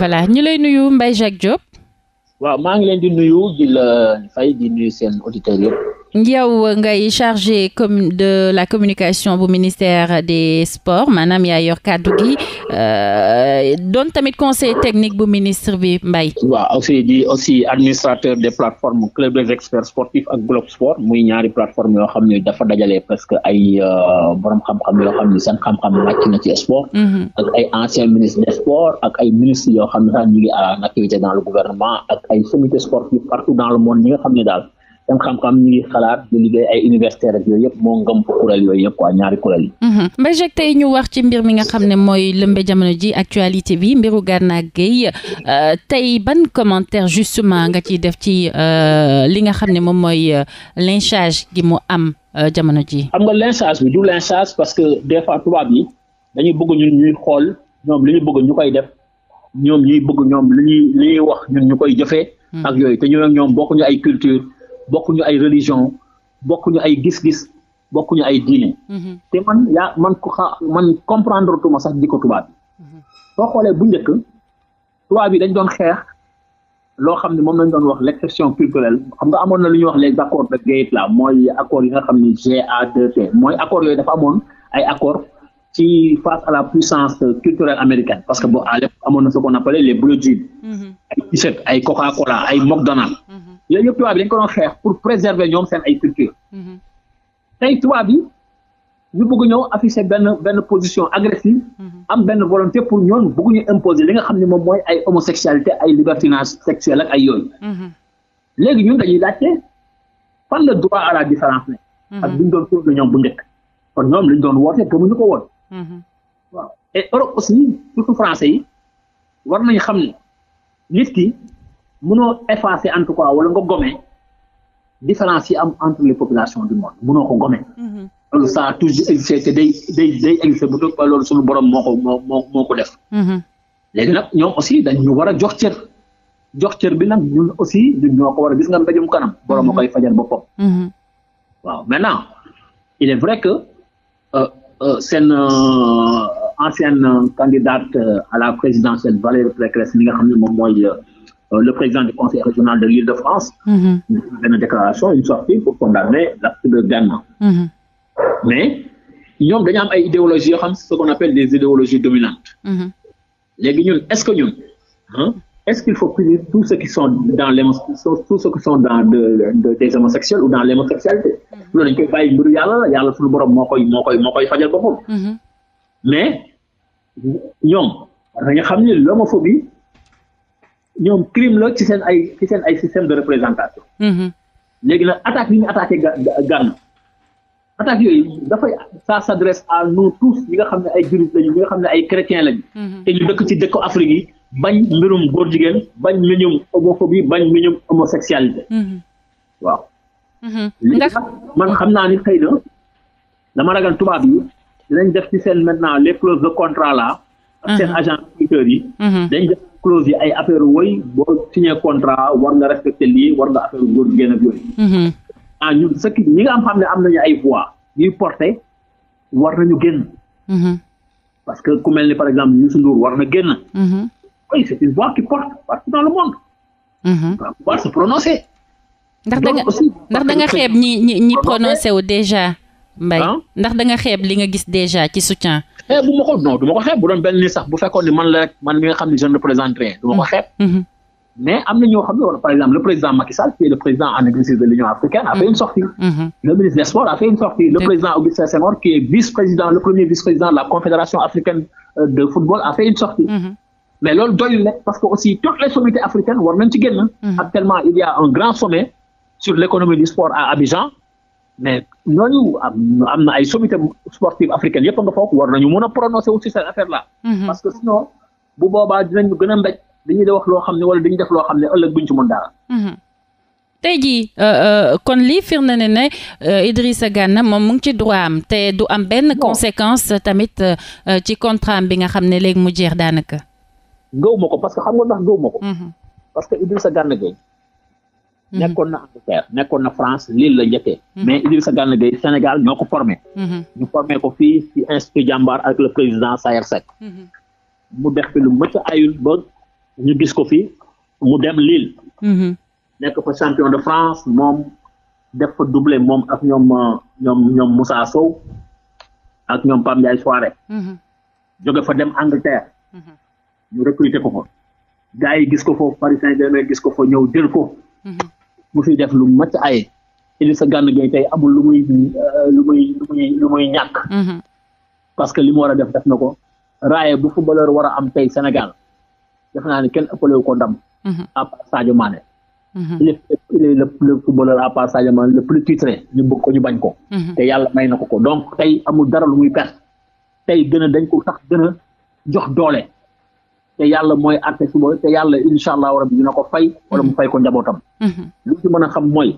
voilà ñu lay nuyu mbay Jacques Diop. waaw maa ngi leen di nuyu di la fay di nuyu seen auditeurs yëpp. yow ngay chargé comme de la communication bu ministère des sports maanaam ya yor kàddu gi euh, doon tamit conseil technique bu ministre bi Mbaye waaw aussi di aussi administrateur des plateformes club des experts sportifs ak Globe Sport muy ñaari plateforme yoo xam ne dafa dajale parce que ay euh, borom xam-xam yoo xam ne seen xam-xam màcc na ci sport mhm. ak ay anciens ministres des sports ak ay ministres yoo xam ne sax ñu ngi à l'activité dans le gouvernement ak ay nga xam ne daal seen xam-xam ñu xalaat di ay universitaire ak yooyu yëpp moo ngëm yooyu yëpp quoi ñaari kuréel yi. Mhm. Mbéjéeg ñu wax ci mbir mi nga xam ne mooy lëmbe jamono ji actualité bi mbiru Gana Gueye euh, tey ban commentaire justement nga ci def ci euh, li nga xam ne moom mooy euh, lynchage gi mu am jamono ji am nga lynchage bi du lynchage parce que des fois tubaab yi dañuy bëgg ñun ñuy xool ñoom li ñu bëgg ñu koy def ñoom ñuy bëgg ñoom li ñuy wax ñun ñu koy jëfee. Hmm. ak yooyu te ñun ak ñoom bokkuñu ay culture. ñu ay religion bokkuñu ay gis-gis bokkuñu ay diine. Mhm. te man yaa man ku xa man comprendre tuma sax jikko tubaab bi. Mhm. xoolee bu njëkk tubaab bi dañ doon xeex loo xam ne moom nañ doon wax l' exception culturelle xam nga amoon na lu ñu wax les accords de Gates là mooy accords yi nga xam ni GATT mooy accords yooyu dafa amoon ay accords. ci face à la puissance culturelle américaine parce que mhm. boo amoon na ce qu'on appelait le blue jeans ay t-shirt ay coca cola yooyu yëpp tubaab yi dañ ko doon xeex pour préserver ñoom seen ay culture mhm. tey tubaab yi ñu bëgg ñëw benn position agressive mhm. am benn volonté pour ñoom bëgg ñu imposer li nga xam ne moom mooy ay homosexualité ay libertinage sexuel ak ay yooyu mhm. léegi ñun dañuy laajte fan la droit à la différence ne ak duñ doon tur ñoom bu njëkk kon ñoom liñ woote ko woon waaw et Europe aussi surtout français yi war nañ xam ne nit mënoo effacer en tout cas wala nga gome différence yi am entre les populations du monde mënoo ko gome. Mhm. loolu ça toujours existé te day day day existé bu loolu suñu borom moo ko moo moo ko def. Mhm. léegi aussi dañ ñu war a jox cër bi nag ñun aussi ñun ñoo ko war a gis nga mbéjum kanam mhm. borom a koy fajal boppam. waaw maintenant il est vrai que euh, euh, seen euh, ancienne candidate à la présidentielle Valérie Pécresse mi nga xam ne mooy. Euh, le président du conseil régional de l'île de France, mm -hmm. une déclaration, une sortie pour condamner l'acte de Ghana. Mm Mais, ñoom dañu ay idéologie yoo xam ce qu'on appelle des idéologies dominantes. Mhm. léegi ñun est-ce que ñun est-ce qu'il faut punir tous ceux qui sont dans l'homosexualité tous ceux homosexuels ou dans l'homosexualité mhm. loolu dañ koy bàyyi mbiru yàlla la yàlla suñu borom moo koy moo koy moo koy fajal boppam mhm. mais ñoom dañu xam ne l'homophobie ñoom crime la ci seen ay seen ay système de représentation. Mm-hmm. léegi na attaques yi ñu attaqué ga Ghana attaques yooyu dafay ça s'adresse à nous tous ñi nga xam ne ay juristes lañu ñi nga xam ne ay chrétiens lañu. Mm-hmm. te ñu dëkk ci dëkku Afrique yi bañ mbirum góor jigéen bañ mbirum homophobie bañ mbirum homosexualité. Mm-hmm. waaw. léegi nag man xam naa ni xëy na dama ragal tubaab yi dinañ def ci seen naa les clauses de contrat là. ak seen agents yi. dañ def clause yi ay affaire woy boo signé contrat war nga respecté lii war nga affaire góor génn ak yooyu mm-hmm. ah ñun sëkk ñi nga am xam ne am nañu ay voix ñuy porté war nañu génn mm-hmm. parce que ku mel ni par exemple Youssou Ndour war na génn mm-hmm. oui c'est une voix qui porte partout dans le monde va pouvoir se prononcer ndax da nga ndax da nga xeeb ñi ñi ñi prononcé wu déjà Mbaye ndax da nga li nga gis déjà ci soutien. xeeb bu ma ko du ma ko bu doon benn nii sax bu fekkoon ni man la rek man mi nga xam ne je ne représente du ma ko mm. mm-hmm. mais am na ñoo xam ne par exemple le président Macky qui est le président en exercice de l'Union africaine a fait une sortie mm-hmm. le mm-hmm. président Augustin Senghor qui est vice-président le premier vice-président de la Confédération africaine euh, de football a fait une sortie mais loolu doyul mais ñooñu am am na ay sommité sportive africaine yëpp nga foofu war nañu mun a prononcé wu si cette affaire là. Mhm. parce que sinon bu boobaa dinañu gën a mbéj dañuy wax loo xam ne wala dañuy def loo xam ne ëllëg buñ ci mën mhm. tey jii euh, euh, kon lii firnde ne ne euh, Idrissa Gana moom mu ngi ci droit te du am benn conséquence tamit ci contrat am bi nga xam ne léegi mu jeex daanaka. gëw ma ko parce que xam nga ndax gëw ma ko. Mhm. parce que Idrissa Gana Gueye Mm-hmm. nekkoon na Angleterre nekkoon na France Lille la njëkkee. Mm-hmm. mais Idrissa Gana Gueye Sénégal ñoo ko formé. Mm-hmm. ñu formé ko fii ci institut Jambar avec le président Saër Seck. mu def fi lu mëcc ayul ba ñu gis ko fi mu dem lil nekk fa champion de France moom def fa doublé moom ak ñoom ñoom ñoom Moussa Sow ak ñoom Pam Ndiaye Soare. jóge fa dem Angleterre. ñu recruté ko fa. gars gis ko foofu Paris saint gis ko fa ñëw jël ko. mu fi def lu mat ay Idrissa Gana Gueye tey amul lu muy euh, lu muy lu muy lu muy ñàkk. Mm-hmm. parce que li mu war a def def na ko raaye bu footballeur war a am tey Sénégal def naa ne kenn ëppalewu ko ndam. Mm-hmm. à part Sadio Mané. Mm-hmm. il est le le plus titré ñu bëgg ko ñu bañ ko. te yàlla may na ko ko donc tey amul dara lu muy tey gën a dañ ko tax gën a jox doole. te yàlla mooy àtte suba te yàlla incha allahu rabi dina ko fay wala mu mhm. fay ko njabootam. Mhm. lu ci a xam mooy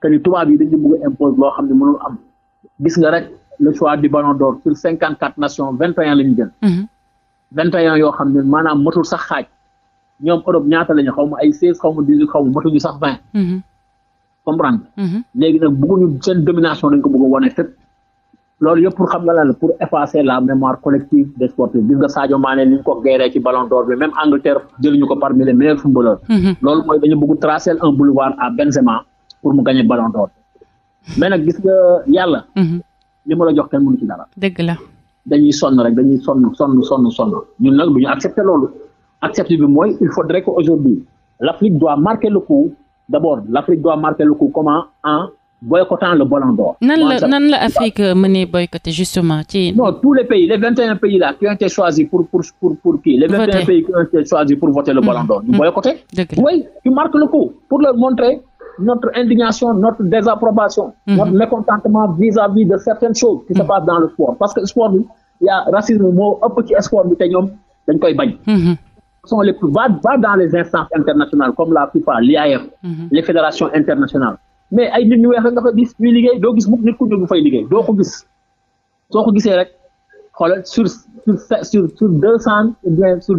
que ni tubaab yi dañu bëgg a impose loo xam ne mënul am gis nga rek le choix du ballon d'or sur cinquante quatre nations vingt et un la ñu jël. Mhm. vingt et un yoo xam ne maanaam matul sax xaaj ñoom Europe ñaata lañu xaw ma ay seize xaw ma matuñu sax vingt. comprendre léegi nag bëgguñu seen domination dañ ko bëgg a wane loolu yëpp pour xam nga lan pour effacer la mémoire collective des sportifs gis nga Sadio Mané ni ñu ko geeree ci ballon d'or bi même Angleterre jëluñu ko parmi les meilleurs footballeurs mm-hmm. loolu mooy dañu bëgg tracer un boulevard à Benzema pour mu gagner ballon d'or mais gis nga yàlla mm-hmm. li jox kenn mënu ci dara dañuy sonn rek dañuy sonn sonn sonn sonn ñun nag du ñu accepter loolu accepter mooy il faudrait que aujourd'hui l'Afrique doit marquer le boycottant le ballon d'or. nan Afrique euh, mënee boycotter justement tous les pays les vingt et un pays là qui ont été choisis pour pour les vingt et un pays qui ont été choisis pour voter le hmm. ballon d'or. ñu hmm. oui tu marques le coup pour leur montrer notre indignation notre désapprobation. Hmm. notre mécontentement vis-à-vis de certaines choses. qui se passent dans le sport parce que sport bi y a racisme moo ëpp ci dans les instances internationales comme la FIFA mais ay nit ñu weex rek nga fa gis ñuy liggéey doo gis mukk nit ku ñuul bu fay liggéey doo ko gis soo ko gisee rek xoola sur sur sur deux cent ou bien sur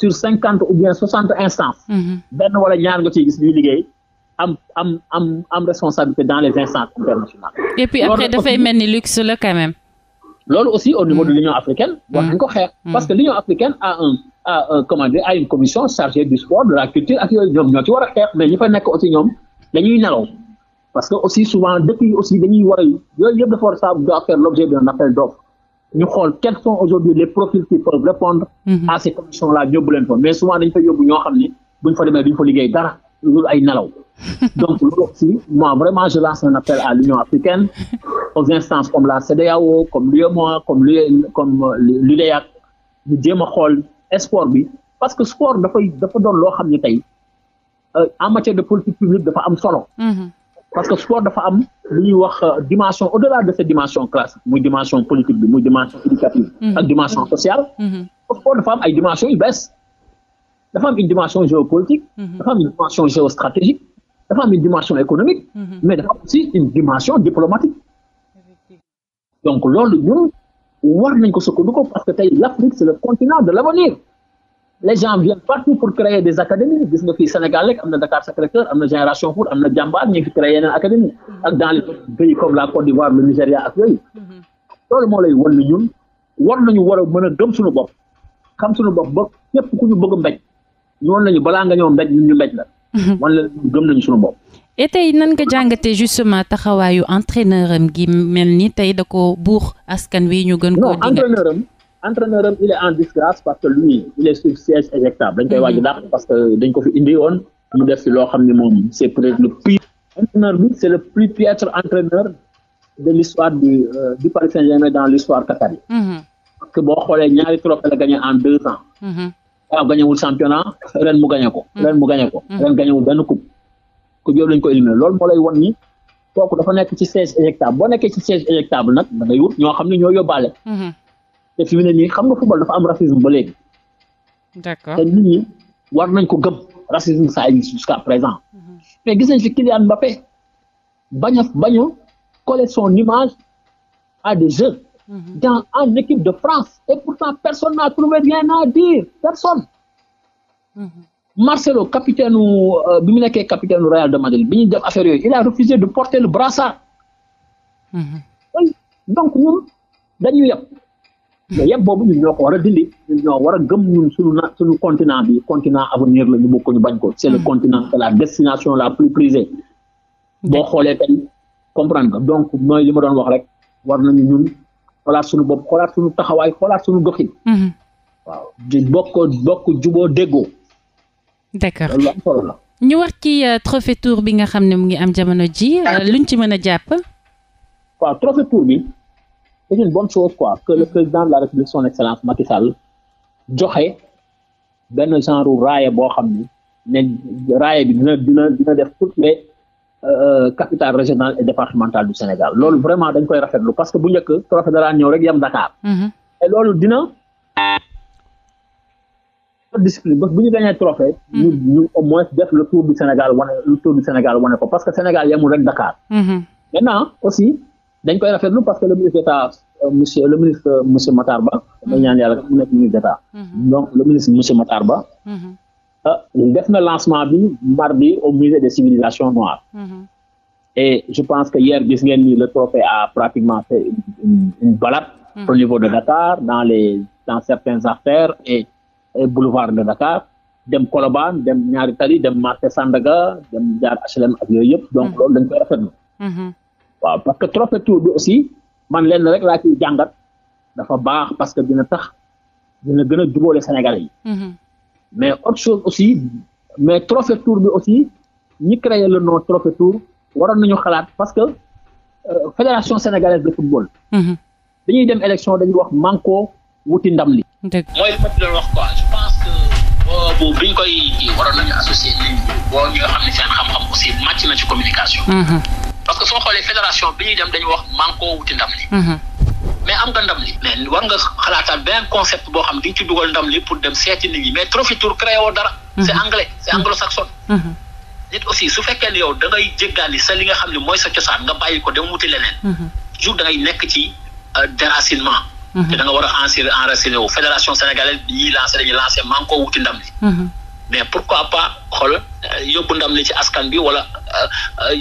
sur cinquante ou bien soixante instances. Mhm. benn wala ñaar nga ciy gis ñuy liggéey. am am am am responsabilité dans les instances internationales. et après dafay mel ni luxe la quand même. loolu aussi au niveau de mhm. l'Union africaine. war nañu ko xeex. Mhm. parce que l'Union africaine a un a un comment dire a une commission chargée du sport de la culture ak yooyu ñoom ñoo ci war a ñi fa nekk aussi ñoom dañuy nelaw. parce que aussi souvent dëkk yi aussi dañuy war a yooyu yëpp dafa war ça doit faire l'objet d'un appel d'offres ñu xool quels sont aujourd'hui les profils qui peuvent répondre mhm. à ces conditions là yóbbu leen fa mais souvent dañu fa yóbbu ñoo xam ne buñ fa demee duñu fa liggéey dara loolu ay nelaw donc loolu aussi moi vraiment je lance un appel à l'Union africaine aux instances comme la CEDEAO comme l'UEMOA comme l e, comme euh, l'UDEAC ñu jéem a xool sport bi parce que sport dafay dafa doon loo xam ne tey euh, en de politique publique dafa am solo mhm. parce que sport dafa am lu ñuy wax euh, dimension au delà de cette dimension classique muy dimension politique bi muy dimension éducative mhm. ak dimension sociale mhm. sport dafa am ay dimension yu bees dafa am une dimension géopolitique mhm. dafa am une dimension géostratégique dafa am une dimension économique mais dafa am aussi une dimension diplomatique donc loolu ñun war nañ ko sukkandiku parce que tey l'Afrique c'est le continent de l'avenir le gens viennent partout pour créer des académies gis nga fii Sénégal rek am na Dakar Sacré-Cœur am na Génération Foot am na Jàmbaar ñu fi créé yeneen académie ak dans les pays comme la Côte d'Ivoire le Nigéria ak yooyu loolu moo lay wan ni ñun war nañu war a mën a gëm suñu bopp xam suñu bopp ba ñépp ku ñu bëgg mbéj ñoon nañu balaa nga ñëw mbéj ñun ñu mbéj la mhm. wan la gëm nañu suñu bopp et tey nan nga jàngatee justement taxawaayu entraîneur am gi mel ni tey da ko buux askan wi ñu gën ko non entraîneur am il est en disgrâce parce que lui il est sur siège éjectable dañ koy waaj dàq mhm. parce que dañ ko indi woon mu def loo xam ne moom c' le pire entraîneur bi c' le plus piètre entraîneur de l'histoire du euh, Paris Saint-Germain dans l'histoire qatari mhm. boo xoolee ñaari trophée la gagné en deux ans mhm. waaw gañewul championnat ren mu gañe ren gañewul benn coupe coupe moo lay won ni kooku dafa nekk ci siège éjectable boo nekkee ci siège éjectable te fi ne nii xam nga football dafa am racisme ba léegi. d'accord war nañ ko gëm racisme ça existe jusqu'à présent. Mhm. mais gis nañ fi Kylian Mbappé bañ a bañ a coller son image à des jeux. Mhm. dans en équipe de France. et pourtant personne n'a trouvé rien à dire personne. Mhm. Marcelo capitaine euh, bi mu nekkee capitaine u de Madrid bi ñu def affaire yooyu il a refusé de porter le brassard. donc ñun dañuy yëpp. mais yëpp boobu ñun ñoo ko war a dindi ñun ñoo war a gëm ñun suñu na suñu continent bi continent avenir la ñu bëgg ko ñu bañ ko c' est le mm. continent c' est la destination la plus prisée boo xoolee tey comprendre nga donc mooy li ma doon wax rek war nañu ñun xoolaat suñu bopp xoolaat suñu taxawaay xoolaat suñu doxin mm-hmm. waaw di bokk bokk juboo déggoo d' ñu wax ci euh, trophée tour bi nga xam ne mu ngi am jamono ji euh, luñ ci mën a jàpp waaw trophée tour bi c'est une bonne chose quoi le mm-hmm. président de la république excellence Macky joxe benn genre raaya boo xam ni ne raaya bi dina dina dina def toutes les euh, capitales régionales et départementales du Sénégal loolu vraiment dañ koy rafetlu parce que bu njëkk trophée dara ñëw rek yam Dakar mm-hmm. et loolu dina discipline bu ñu gañee trophée mm-hmm. ñu ñu au moins def le tour du Sénégal wane parce que Sénégal yamul rek Dakar maintenant aussi dañ koy rafetlu parce que le ministre euh, monsieur le ministre euh, monsieur Matar Ba. dañ ñaan nekk ministre d'État. Mhm. donc le ministre monsieur Matar Ba. Mhm. Euh, def na lancement bi mardi au musée de civilisations noires. Mhm. et je pense que hier gis ngeen ni le trophée a pratiquement fait une, une balade mmh. au niveau de Dakar dans les dans affaires et, boulevard de Dakar dem Colobane dem Ñaari Tali dem marché Sandaga dem jaar HLM ak yooyu yëpp donc loolu dañ koy rafetlu waaw parce que trophée bi aussi man leen la rek laa ciy jàngat dafa baax parce que dina tax dina gën a jubóole yi. Mhm. mais autre chose aussi mais trophée tour bi aussi ñi créé le nom trophée tour waroon nañu xalaat parce que euh, fédération sénégalaise de football. Mhm. dañuy dem élection dañuy wax manko wuti ndam li. mooy foofu wax quoi je pense que boobu koy waroon nañu associé nit ñi boo ñi ne seen xam-xam aussi na ci communication. Mhm. parce que soo xoolee fédération bi ñuy dem dañu wax manko wuti ndam li mhm. mais am nga ndam li mais war nga xalaataan benn concept pour dem mhm. mhm. da ngay jéggaani sa li nga sa cosaan nga bàyyi ko dem wuti leneen toujours da euh, da nga war a enser enraciné wu pas xool euh, yóbbu ndam li ci askan bi wala euh,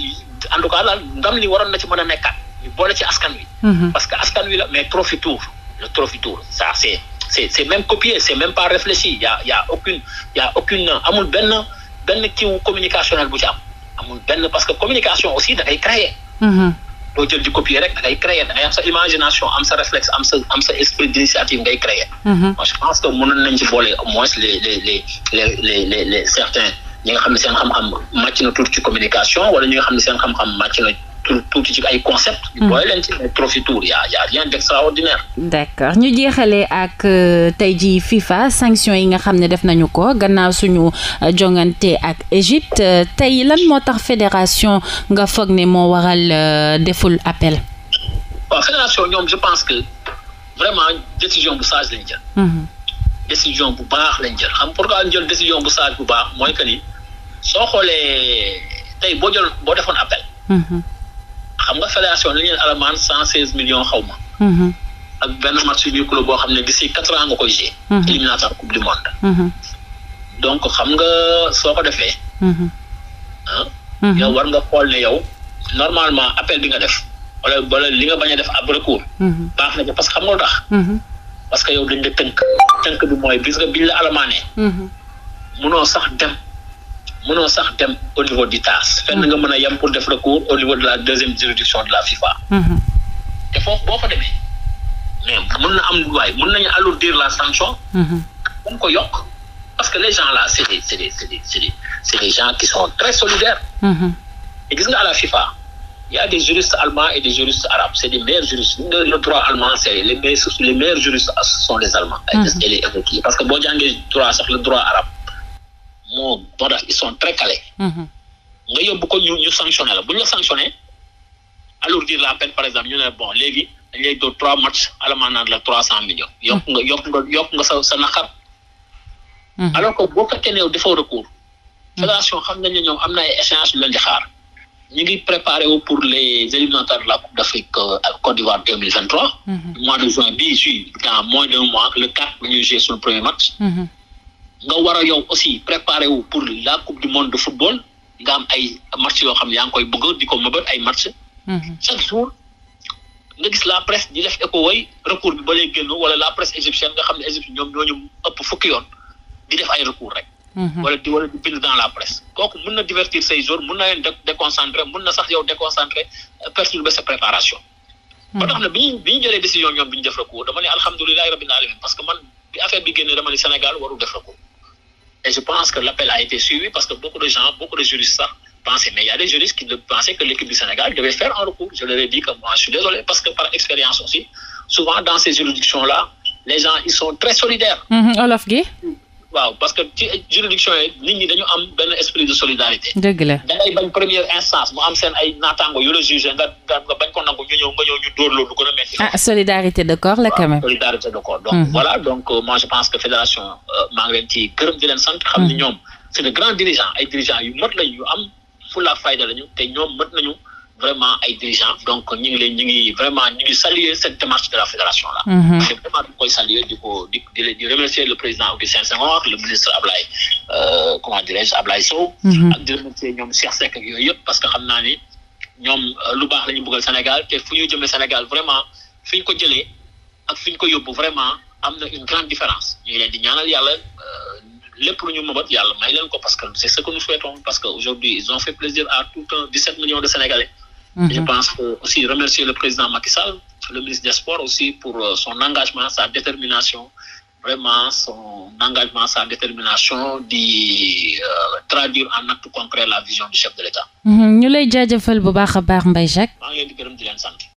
en tout cas daal ndam li waroon na ci mën a nekkaat ñu boole ci askan wi. Mhm. parce que askan wi la mais Trophy Tour le Trophy Tour ça c' copié c' est pas réfléchi y' a a aucune y' a aucune amul benn benn communicationnel bu ci am amul benn parce que communication aussi da créer. Mhm. doo jël di rek da créer am sa imagination am sa réflexe am sa am sa ngay créer. Mhm. moi je pense que mënoon nañ ci boole au moins les certains. ñi xam ne seen xam-xam màcc na tuuti communication wala ñi xam ne seen xam-xam màcc na tuuti ci ay concept hmm. booy leen ci trophée tour yaa ñu jeexale ak euh, tey ji FIFA sanction yi nga xam ne def nañu ko gannaaw suñu euh, jongante ak Égypte euh, tey lan moo tax fédération nga foog ne moo waral deful appel waaw fédération ñoom je pense que vraiment décision bu sage lañ jël hmm. décision bu baax lañ jël xam pourquoi ñu jël décision bu sage bu baax mooy que soo xoolee tey boo jël boo defoon appel. Mhm. xam nga fédération li ngeen alamaan cent seize millions xaw ma. Mhm. ak benn match yu club boo xam ne d'ici quatre ans nga koy jouer. Mhm. éliminatoire coupe du monde. donc xam nga soo ko defee. Ah, yow war nga xool ne yow normalement appel bi nga def wala wala li nga bañ a def ab baax na ko parce que xam nga lu parce que yow dañ la tënk tënk bi mooy bis biñ la alamaanee. munoo sax dem. mënoo sax dem au niveau du TAS. fenn nga mën a yem pour def recours au niveau de la deuxième juridiction de la FIFA. Mhm. te foofu boo fa demee mais mën na am waaye mën nañu alourdir la sanction. mën mhm. ko yokk parce que les gens là c' est des c' gens qui sont très solidaires. Mhm. te gis la FIFA y a des juristes allemands et des juristes arabes c' des meilleurs juristes le droit allemand c' les meilleurs les meilleurs les allemands. et les parce que moo moo tax ils sont très calés. Mm-hmm. nga yóbbu ko ñu ñu sanctionné la bu ñu la sanctionné alourdir la peine par exemple ñu ne bon léegi dañ lay trois matchs alamaan la trois cent millions. Mm-hmm. yokk nga yokk nga sa sa naqar. Mm-hmm. alors que boo fekkee ne defoo recours. fédération xam nañ ne ñoom am na ay échéances yu leen ngi préparé pour les éliminatoires de la Coupe d'Afrique euh, ak Côte d'Ivoire deux mille vingt trois. mois de juin bii juillet dans moins d'un mois le quatre bu nga war a yow aussi préparer wu pour la coupe du monde de football nga am ay match yoo xam ne yaa ngi koy bëgg di ko mëbët ay match mhm. chaque jour nga gis la presse di def écho way recours bi ba lay wala la presse égyptienne nga xam ne Égypte ñoom ñoo ëpp fukki yoon di def ay recours rek. Mhm. wala di wala di bind dans la presse kooku mun na divertir say joueurs mun na leen déconcentrer mun na sax yow déconcentrer euh, perturber sa préparation. Mhm. ba tax na bi ñu bi ñu jëlee décision ñoom bi ñu def Et je pense que l'appel a été suivi parce que beaucoup de gens, beaucoup de mais il y a des juristes qui pensaient que l'équipe du Sénégal devait faire un recours. Je leur dit que moi, je désolé parce que par expérience aussi, souvent dans ces juridictions-là, les gens, ils sont très solidaires. Mm-hmm. Olaf Guy parce que juridiction yi nit dañu am benn esprit de solidarité. dëgg la nangu ñu ñëw nga ñëw ñu loolu lu gën a ah, solidarité de corps la quand solidarité de corps donc mhm. voilà donc euh, moi je pense que fédération euh, maa leen ci gërëm di mhm. ay dirigeants yu mot lañ am fulla fayda lañu te ñoom mot nañu. vraiment ay dirigeants donc ñu ngi leen ñu ngi saluer cette démarche de la fédération là. te mhm. vraiment dañu koy saluer di remercier le président Augustin Senghor le ministre Ablaye euh, comment dirais-je Ablaye Sow. ak di remercier ñoom parce que ñoom euh, lu baax lañu ñu bëggal Sénégal te fu ñu jëmee Sénégal vraiment fiñ ñu ko jëlee ak fi ñu ko yóbbu vraiment am na une grande différence ñu ngi leen ñaanal yàlla euh, lépp lu ñu mëbat yàlla may leen ko parce que c'est ce que nous souhaitons parce que aujourd'hui ils ont fait plaisir à tout un 17 millions de Sénégalais. Mm-hmm. Je pense que aussi remercier le président Macky Sall, le ministre des Sports aussi pour euh, son engagement, sa détermination. vraiment son engagement, sa détermination di euh, traduire en acte concret la vision du chef de l'État. Mhm. ñu lay jaajëfal bu baax a baax mbay Jacques. maa ngi di gërëm di leen sant.